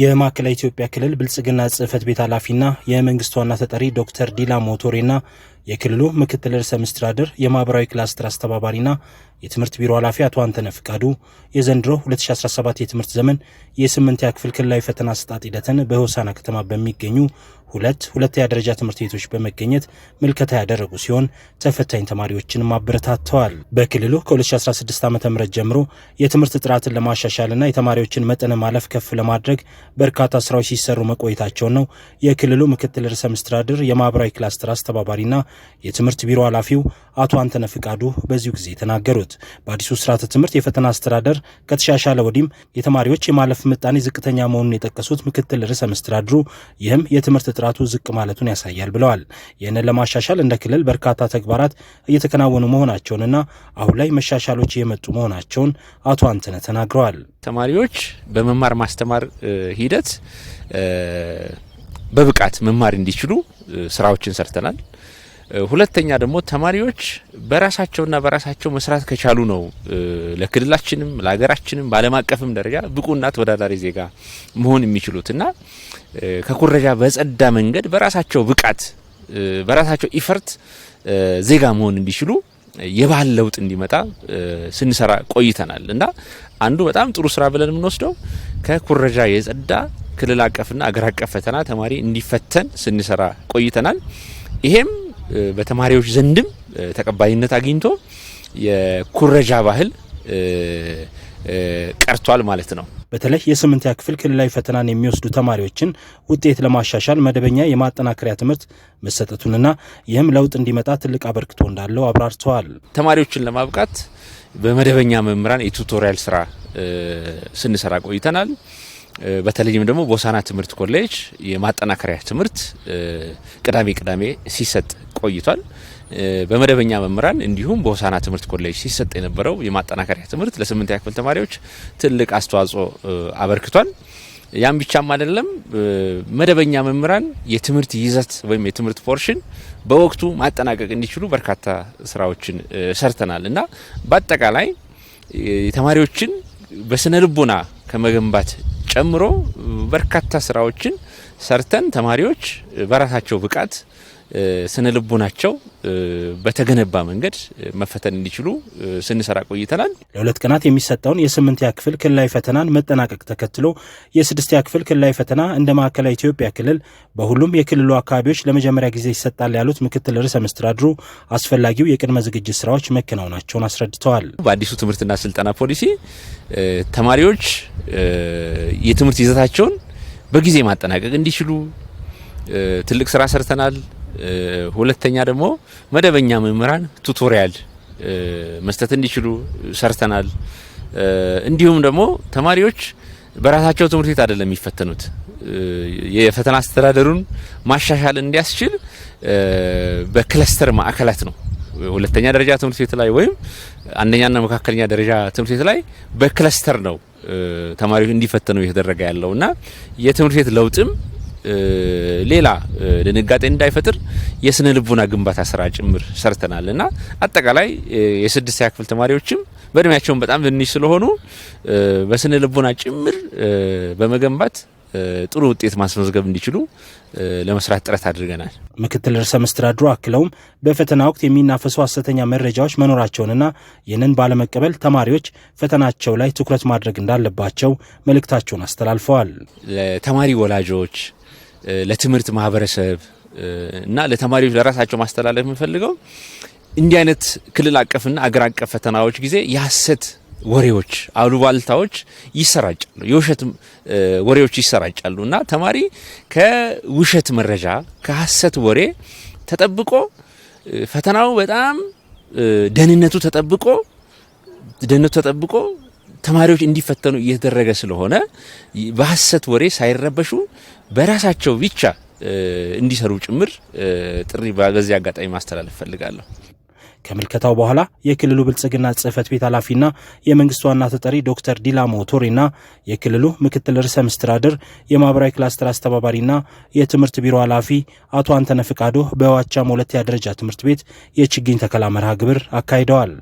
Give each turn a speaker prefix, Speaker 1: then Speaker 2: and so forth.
Speaker 1: የማዕከላዊ ኢትዮጵያ ክልል ብልጽግና ጽህፈት ቤት ኃላፊና የመንግስት ዋና ተጠሪ ዶክተር ዲላ ሞቶሬና የክልሉ ምክትል ርዕሰ መስተዳድር የማህበራዊ ክላስተር አስተባባሪና የትምህርት ቢሮ ኃላፊ አቶ አንተነ ፍቃዱ የዘንድሮ 2017 የትምህርት ዘመን የስምንተኛ ክፍል ክልላዊ ፈተና አሰጣጥ ሂደትን በሆሳና ከተማ በሚገኙ ሁለት ሁለተኛ ደረጃ ትምህርት ቤቶች በመገኘት ምልከታ ያደረጉ ሲሆን ተፈታኝ ተማሪዎችንም አበረታተዋል። በክልሉ ከ2016 ዓ ም ጀምሮ የትምህርት ጥራትን ለማሻሻልና የተማሪዎችን መጠነ ማለፍ ከፍ ለማድረግ በርካታ ስራዎች ሲሰሩ መቆየታቸውን ነው የክልሉ ምክትል ርዕሰ መስተዳድር የማህበራዊ ክላስተር አስተባባሪና የትምህርት ቢሮ ኃላፊው አቶ አንተነ ፍቃዱ በዚሁ ጊዜ የተናገሩት። በአዲሱ ስርዓተ ትምህርት የፈተና አስተዳደር ከተሻሻለ ወዲህም የተማሪዎች የማለፍ ምጣኔ ዝቅተኛ መሆኑን የጠቀሱት ምክትል ርዕሰ መስተዳድሩ ይህም የትምህርት ጥራቱ ዝቅ ማለቱን ያሳያል ብለዋል። ይህንን ለማሻሻል እንደ ክልል በርካታ ተግባራት እየተከናወኑ መሆናቸውንና አሁን ላይ መሻሻሎች እየመጡ መሆናቸውን አቶ አንተነ ተናግረዋል።
Speaker 2: ተማሪዎች በመማር ማስተማር ሂደት በብቃት መማር እንዲችሉ ስራዎችን ሰርተናል። ሁለተኛ ደግሞ ተማሪዎች በራሳቸውና በራሳቸው መስራት ከቻሉ ነው ለክልላችንም ለሀገራችንም በዓለም አቀፍም ደረጃ ብቁና ተወዳዳሪ ዜጋ መሆን የሚችሉት እና ከኩረጃ በጸዳ መንገድ በራሳቸው ብቃት በራሳቸው ኢፈርት ዜጋ መሆን እንዲችሉ የባህል ለውጥ እንዲመጣ ስንሰራ ቆይተናል እና አንዱ በጣም ጥሩ ስራ ብለን የምንወስደው ከኩረጃ የጸዳ ክልል አቀፍና አገር አቀፍ ፈተና ተማሪ እንዲፈተን ስንሰራ ቆይተናል። ይሄም በተማሪዎች ዘንድም ተቀባይነት አግኝቶ የኩረጃ ባህል ቀርቷል ማለት ነው።
Speaker 1: በተለይ የስምንተኛ ክፍል ክልላዊ ፈተናን የሚወስዱ ተማሪዎችን ውጤት ለማሻሻል መደበኛ የማጠናከሪያ ትምህርት መሰጠቱንና ይህም ለውጥ እንዲመጣ ትልቅ አበርክቶ እንዳለው አብራርተዋል።
Speaker 2: ተማሪዎችን ለማብቃት በመደበኛ መምህራን የቱቶሪያል ስራ ስንሰራ ቆይተናል። በተለይም ደግሞ ቦሳና ትምህርት ኮሌጅ የማጠናከሪያ ትምህርት ቅዳሜ ቅዳሜ ሲሰጥ ቆይቷል። በመደበኛ መምህራን እንዲሁም በሆሳና ትምህርት ኮሌጅ ሲሰጥ የነበረው የማጠናከሪያ ትምህርት ለስምንት ክፍል ተማሪዎች ትልቅ አስተዋጽኦ አበርክቷል። ያም ብቻም አይደለም። መደበኛ መምህራን የትምህርት ይዘት ወይም የትምህርት ፖርሽን በወቅቱ ማጠናቀቅ እንዲችሉ በርካታ ስራዎችን ሰርተናል እና በአጠቃላይ ተማሪዎችን በስነ ልቦና ከመገንባት ጨምሮ በርካታ ስራዎችን ሰርተን ተማሪዎች በራሳቸው ብቃት ስነ ልቦናቸው በተገነባ መንገድ መፈተን እንዲችሉ ስንሰራ ቆይተናል።
Speaker 1: ለሁለት ቀናት የሚሰጠውን የስምንተኛ ክፍል ክልላዊ ፈተናን መጠናቀቅ ተከትሎ የስድስተኛ ክፍል ክልላዊ ፈተና እንደ ማዕከላዊ ኢትዮጵያ ክልል በሁሉም የክልሉ አካባቢዎች ለመጀመሪያ ጊዜ ይሰጣል ያሉት ምክትል ርዕሰ መስተዳድሩ አስፈላጊው የቅድመ ዝግጅት ስራዎች መከናወናቸውን አስረድተዋል።
Speaker 2: በአዲሱ ትምህርትና ስልጠና ፖሊሲ ተማሪዎች የትምህርት ይዘታቸውን በጊዜ ማጠናቀቅ እንዲችሉ ትልቅ ስራ ሰርተናል። ሁለተኛ ደግሞ መደበኛ መምህራን ቱቶሪያል መስጠት እንዲችሉ ሰርተናል። እንዲሁም ደግሞ ተማሪዎች በራሳቸው ትምህርት ቤት አይደለም የሚፈተኑት የፈተና አስተዳደሩን ማሻሻል እንዲያስችል በክለስተር ማዕከላት ነው። ሁለተኛ ደረጃ ትምህርት ቤት ላይ ወይም አንደኛና መካከለኛ ደረጃ ትምህርት ቤት ላይ በክለስተር ነው ተማሪዎች እንዲፈተኑ እየተደረገ ያለው እና የትምህርት ቤት ለውጥም ሌላ ድንጋጤ እንዳይፈጥር የስነ ልቡና ግንባታ ስራ ጭምር ሰርተናል እና አጠቃላይ የስድስተኛ ክፍል ተማሪዎችም በእድሜያቸውን በጣም ትንሽ ስለሆኑ በስነ ልቡና ጭምር በመገንባት ጥሩ ውጤት ማስመዝገብ እንዲችሉ ለመስራት ጥረት አድርገናል።
Speaker 1: ምክትል ርዕሰ መስተዳድሩ አክለውም በፈተና ወቅት የሚናፈሱ ሐሰተኛ መረጃዎች መኖራቸውንና ይህንን ባለመቀበል ተማሪዎች ፈተናቸው ላይ ትኩረት ማድረግ እንዳለባቸው መልእክታቸውን አስተላልፈዋል።
Speaker 2: ተማሪ ወላጆች ለትምህርት ማህበረሰብ እና ለተማሪዎች ለራሳቸው ማስተላለፍ የምፈልገው እንዲህ አይነት ክልል አቀፍና አገር አቀፍ ፈተናዎች ጊዜ የሀሰት ወሬዎች፣ አሉባልታዎች ይሰራጫሉ፣ የውሸት ወሬዎች ይሰራጫሉ እና ተማሪ ከውሸት መረጃ ከሀሰት ወሬ ተጠብቆ ፈተናው በጣም ደህንነቱ ተጠብቆ ደህንነቱ ተጠብቆ ተማሪዎች እንዲፈተኑ እየተደረገ ስለሆነ በሀሰት ወሬ ሳይረበሹ በራሳቸው ብቻ እንዲሰሩ ጭምር ጥሪ በዚህ አጋጣሚ ማስተላለፍ ፈልጋለሁ።
Speaker 1: ከምልከታው በኋላ የክልሉ ብልጽግና ጽህፈት ቤት ኃላፊና የመንግስት ዋና ተጠሪ ዶክተር ዲላሞ ቶሬና የክልሉ ምክትል ርዕሰ መስተዳድር የማህበራዊ ክላስተር አስተባባሪና የትምህርት ቢሮ ኃላፊ አቶ አንተነ ፍቃዶ በዋቻም ሁለተኛ ደረጃ ትምህርት ቤት የችግኝ ተከላ መርሃ ግብር አካሂደዋል።